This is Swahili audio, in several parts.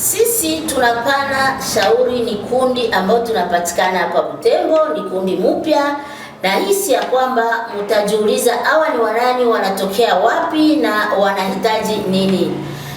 Sisi tunapana shauri ni kundi ambayo tunapatikana hapa Butembo, ni kundi mpya na hisi ya kwamba mtajiuliza hawa ni wanani, wanatokea wapi na wanahitaji nini?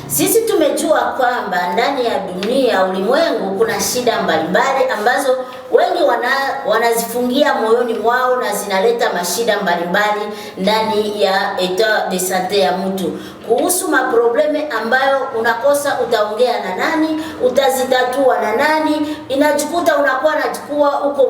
Sisi tumejua kwamba ndani ya dunia, ulimwengu, kuna shida mbalimbali ambazo wengi wana, wanazifungia moyoni mwao na zinaleta mashida mbalimbali ndani ya etat de sante ya mtu kuhusu maprobleme ambayo unakosa utaongea na nani, utazitatua na nani. Inajikuta unakuwa unajikuwa huko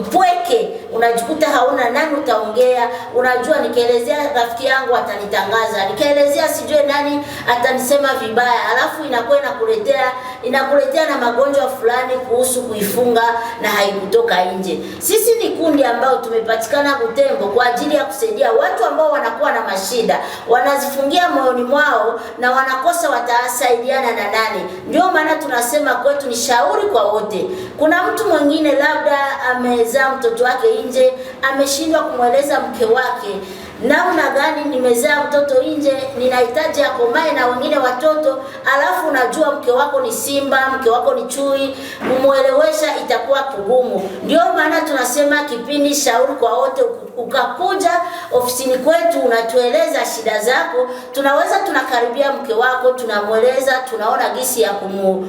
mpweke, unajikuta hauna nani utaongea. Unajua, nikielezea rafiki yangu atanitangaza, nikielezea sijue nani atanisema vibaya, alafu inakuwa inakuletea inakuletea na magonjwa fulani kuhusu kuifunga na haikutoka nje. Sisi ni kundi ambao tumepatikana Butembo kwa ajili ya kusaidia watu ambao wanakuwa na mashida, wanazifungia maoni mwao na wanakosa watasaidiana na nani? Ndio maana tunasema kwetu ni shauri kwa wote. Kuna mtu mwingine labda amezaa mtoto wake nje, ameshindwa kumweleza mke wake namna gani, nimezaa mtoto nje, ninahitaji akomae na wengine watoto. Alafu unajua mke wako ni simba, mke wako ni chui, kumwelewesha itakuwa kugumu. Ndio maana tunasema kipindi shauri kwa wote ukakuja ofisini kwetu unatueleza shida zako, tunaweza tunakaribia mke wako, tunamweleza, tunaona gisi ya kumu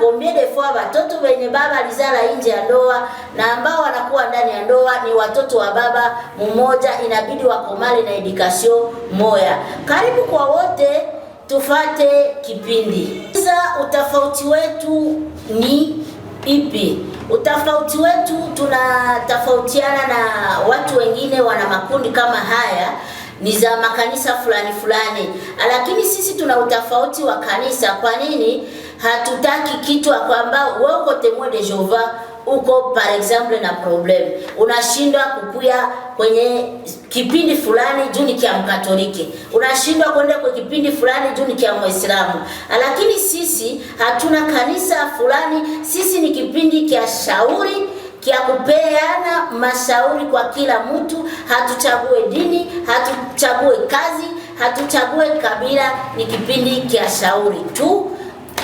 combien de fois watoto wenye baba alizala nje ya ndoa na ambao wanakuwa ndani ya ndoa ni watoto wa baba mmoja, inabidi wakomale na education moya. Karibu kwa wote, tufate kipindi. Sasa utafauti wetu ni ipi? Utofauti wetu tunatofautiana na watu wengine, wana makundi kama haya ni za makanisa fulani fulani, lakini sisi tuna utofauti wa kanisa. Kwa nini hatutaki kitu kwamba wewe uko témoin de Jehova uko par exemple na problem, unashindwa kukuya kwenye kipindi fulani juu ni kia Mkatoliki, unashindwa kwenda kwa kipindi fulani juu ni kia Muislamu. Lakini sisi hatuna kanisa fulani, sisi ni kipindi kia shauri kia kupeana mashauri kwa kila mtu. Hatuchague dini, hatuchague kazi, hatuchague kabila, ni kipindi kia shauri tu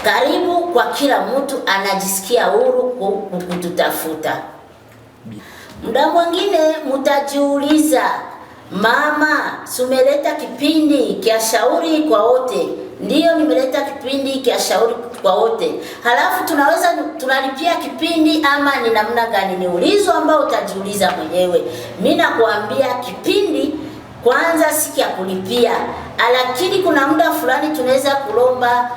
karibu kwa kila mtu anajisikia huru kututafuta. Muda mwingine mtajiuliza, mama sumeleta kipindi kya shauri kwa wote? Ndiyo, nimeleta kipindi kya shauri kwa wote. Halafu tunaweza tunalipia kipindi ama ni namna gani? Ni ulizo ambao utajiuliza mwenyewe. Mimi nakuambia kipindi kwanza si kya kulipia, lakini kuna muda fulani tunaweza kulomba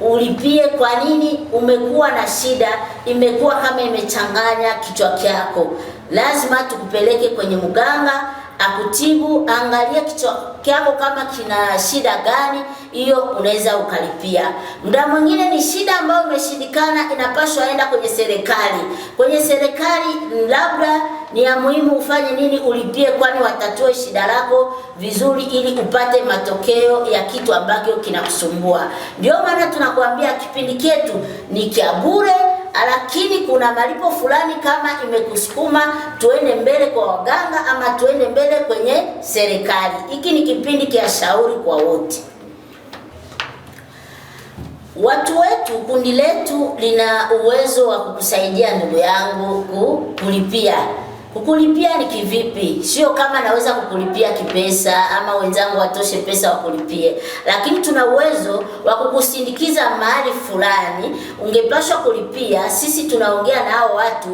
ulipie. Kwa nini? Umekuwa na shida, imekuwa kama imechanganya kichwa chako lazima tukupeleke kwenye mganga akutibu, angalia kichwa chako kama kina shida gani, hiyo unaweza ukalipia. Muda mwingine ni shida ambayo umeshindikana, inapaswa enda kwenye serikali. Kwenye serikali labda ni ya muhimu ufanye nini, ulipie, kwani watatue shida lako vizuri, ili upate matokeo ya kitu ambacho kinakusumbua. Ndio maana tunakuambia kipindi chetu ni cha bure lakini kuna malipo fulani kama imekusukuma tuende mbele kwa waganga ama tuende mbele kwenye serikali. Hiki ni kipindi kia shauri kwa wote. Watu wetu, kundi letu lina uwezo wa kukusaidia ndugu yangu kulipia Kukulipia ni kivipi? Sio kama naweza kukulipia kipesa ama wenzangu watoshe pesa wakulipie, lakini tuna uwezo wa kukusindikiza mahali fulani, ungepashwa kulipia. Sisi tunaongea na hao watu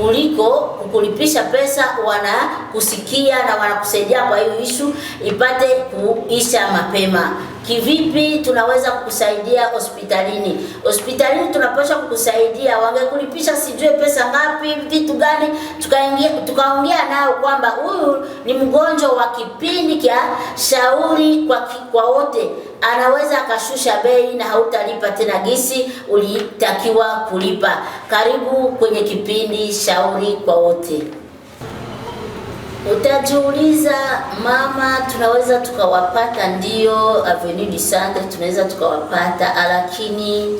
kuliko kukulipisha pesa, wanakusikia na wanakusaidia kwa hiyo ishu ipate kuisha mapema. Kivipi tunaweza kukusaidia hospitalini? Hospitalini tunapaswa kukusaidia, wangekulipisha sijue pesa ngapi, vitu gani, tukaingia tukaongea nao kwamba huyu ni mgonjwa wa kipindi cha shauri kwa kwa wote, anaweza akashusha bei na hautalipa tena gisi ulitakiwa kulipa. Karibu kwenye kipindi shauri kwa wote. Utajiuliza, mama, tunaweza tukawapata? ndio Avenue du Centre tunaweza tukawapata, lakini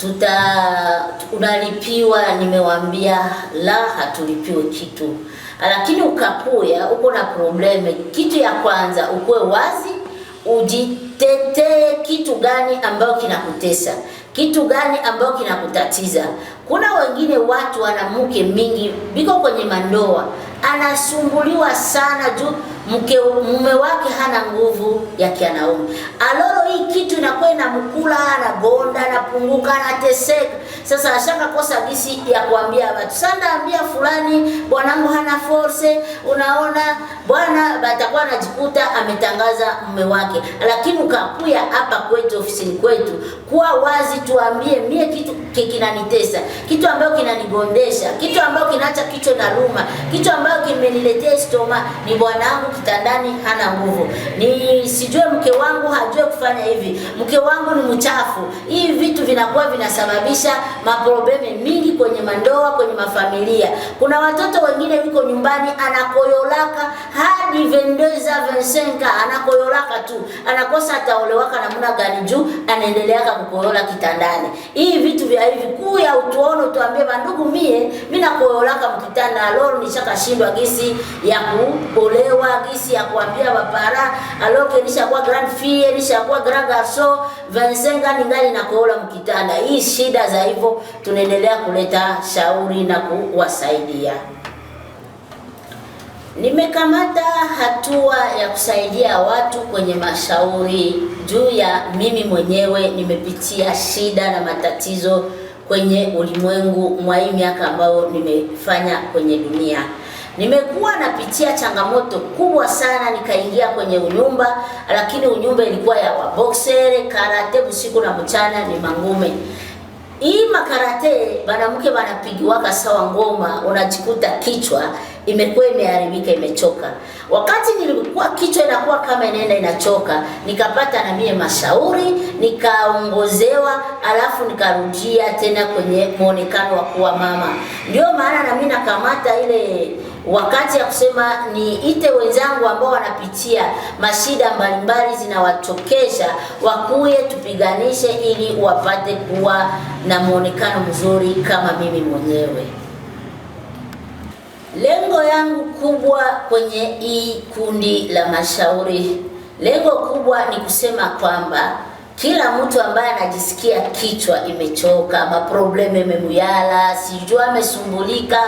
tuta unalipiwa. Nimewambia la, hatulipiwe kitu, lakini ukapuya uko na probleme. Kitu ya kwanza ukuwe wazi, ujitetee kitu gani ambayo kinakutesa kitu gani ambayo kinakutatiza. Kuna wengine watu wana mke mingi biko kwenye mandoa anasumbuliwa sana juu mke mume wake hana nguvu ya kianaume. aloro hii kitu inakuwa inamkula, anagonda, anapunguka, anateseka. Sasa ashaka kosa gisi ya kuambia watu. Sasa ambia fulani, bwanangu hana force, unaona bwana atakuwa anajikuta ametangaza mume wake. Lakini ukakuya hapa kwetu ofisini kwetu, kuwa wazi, tuambie mie kitu kinanitesa, kitu ambayo kinanigondesha, kitu ambayo kinacha kichwa na luma, kitu ambayo kimeniletea stoma ni bwanangu kitandani hana nguvu, ni sijue mke wangu hajue kufanya hivi, mke wangu ni mchafu. Hivi vitu vinakuwa vinasababisha maprobleme mingi kwenye mandoa, kwenye mafamilia. Kuna watoto wengine yuko nyumbani anakoyolaka hadi vendeza vensenka, anakoyolaka tu, anakosa ataolewaka namna gani juu anaendeleaka kukoyola kitandani. Hii vitu vya hivi kuya utuone tuambie bandugu, mie mimi minakoyolaka mkitanda lolo nishakashindwa gisi ya kuolewa gisi ya kuambia bapara aloke nishakuwa grand fille nishakuwa grand garso vensenga ningali na kuola mkitanda. Hii shida za hivyo, tunaendelea kuleta shauri na kuwasaidia. Nimekamata hatua ya kusaidia watu kwenye mashauri juu ya mimi mwenyewe nimepitia shida na matatizo kwenye ulimwengu mwa hii miaka ambayo nimefanya kwenye dunia. Nimekuwa napitia changamoto kubwa sana, nikaingia kwenye unyumba, lakini unyumba ilikuwa ya waboksere, karate usiku na mchana ni mangume. Hii makarate banamke banapigiwaka sawa ngoma, unajikuta kichwa imekuwa imeharibika, imechoka. Wakati nilikuwa kichwa inakuwa kama inaenda inachoka, nikapata na mie mashauri, nikaongozewa, alafu nikarudia tena kwenye muonekano wa kuwa mama. Ndio maana na mimi nakamata ile wakati ya kusema niite wenzangu ambao wanapitia mashida mbalimbali zinawatokesha, wakuye tupiganishe, ili wapate kuwa na muonekano mzuri kama mimi mwenyewe. Lengo yangu kubwa kwenye hii kundi la mashauri, lengo kubwa ni kusema kwamba kila mtu ambaye anajisikia kichwa imechoka, maproblemu imemuyala, sijua amesumbulika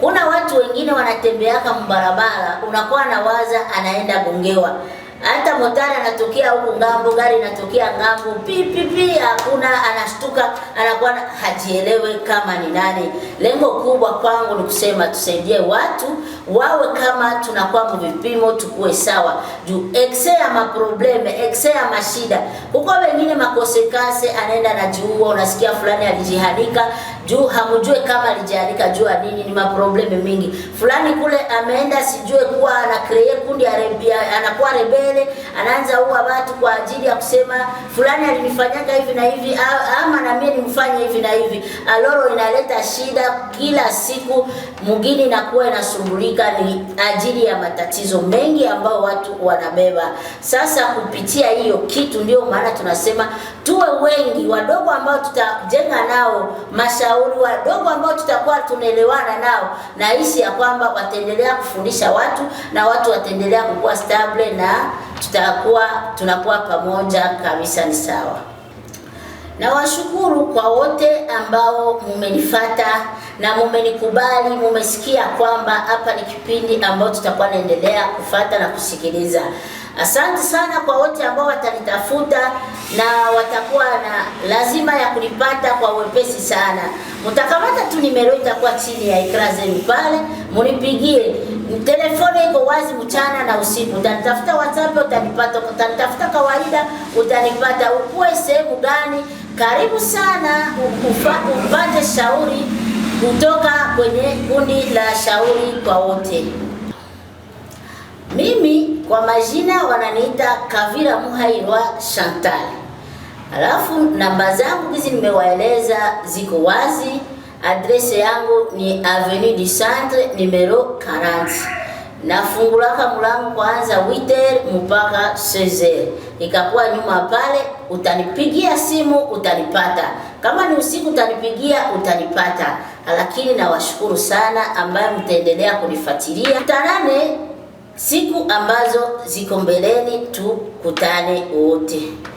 kuna watu wengine wanatembeaka mbarabara, unakuwa na waza anaenda bongewa hata motari anatokea huku ngambo, gari inatokea ngambo, pipipi, hakuna anashtuka, anakuwa hajielewe kama ni nani. Lengo kubwa kwangu ni kusema tusaidie watu wawe kama tunakuwa vipimo, tukuwe sawa juu exe ya maprobleme, exe ya mashida. huko. wengine makosekase, anaenda najiua, unasikia fulani alijihadika juu hamjue kama alijaandika jua nini, ni maprobleme mingi fulani. Kule ameenda sijue kuwa ana create kundi arembia, anakuwa rebele, anaanza uwa watu kwa ajili ya kusema fulani alinifanyaga hivi na hivi, ama na mimi nimfanye hivi na hivi. Aloro inaleta shida kila siku, mgini inakuwa inasumbulika, ni ajili ya matatizo mengi ambao watu wanabeba. Sasa kupitia hiyo kitu, ndio maana tunasema tuwe wengi wadogo ambao tutajenga nao mashauri washauri wadogo ambao tutakuwa tunaelewana nao, naishi ya kwamba wataendelea kufundisha watu na watu wataendelea kukuwa stable na tutakuwa tunakuwa pamoja kabisa. Ni sawa. Nawashukuru kwa wote ambao mumenifata na mumenikubali, mumesikia kwamba hapa ni kipindi ambao tutakuwa naendelea kufata na kusikiliza. Asante sana kwa wote ambao watanitafuta na watakuwa na lazima ya kunipata kwa wepesi sana. Mtakamata tu nimero itakuwa chini ya ikra zenu pale, munipigie. Telefoni iko wazi mchana na usiku. Utanitafuta WhatsApp, utanipata, utanitafuta kawaida, utanipata. Ukuwe sehemu gani? Karibu sana upate shauri kutoka kwenye kundi la shauri kwa wote. Mimi kwa majina wananiita Kavira Muhairwa Chantal. Alafu namba zangu hizi nimewaeleza ziko wazi. Adrese yangu ni Avenue du Centre numero 40. Nafungulaka mlango kwanza witer mpaka sezer. Ikakuwa nyuma pale, utanipigia simu utanipata. Kama ni usiku utanipigia utanipata. Lakini nawashukuru sana ambaye mtaendelea kunifuatilia. Tarane siku ambazo ziko mbeleni tukutane wote.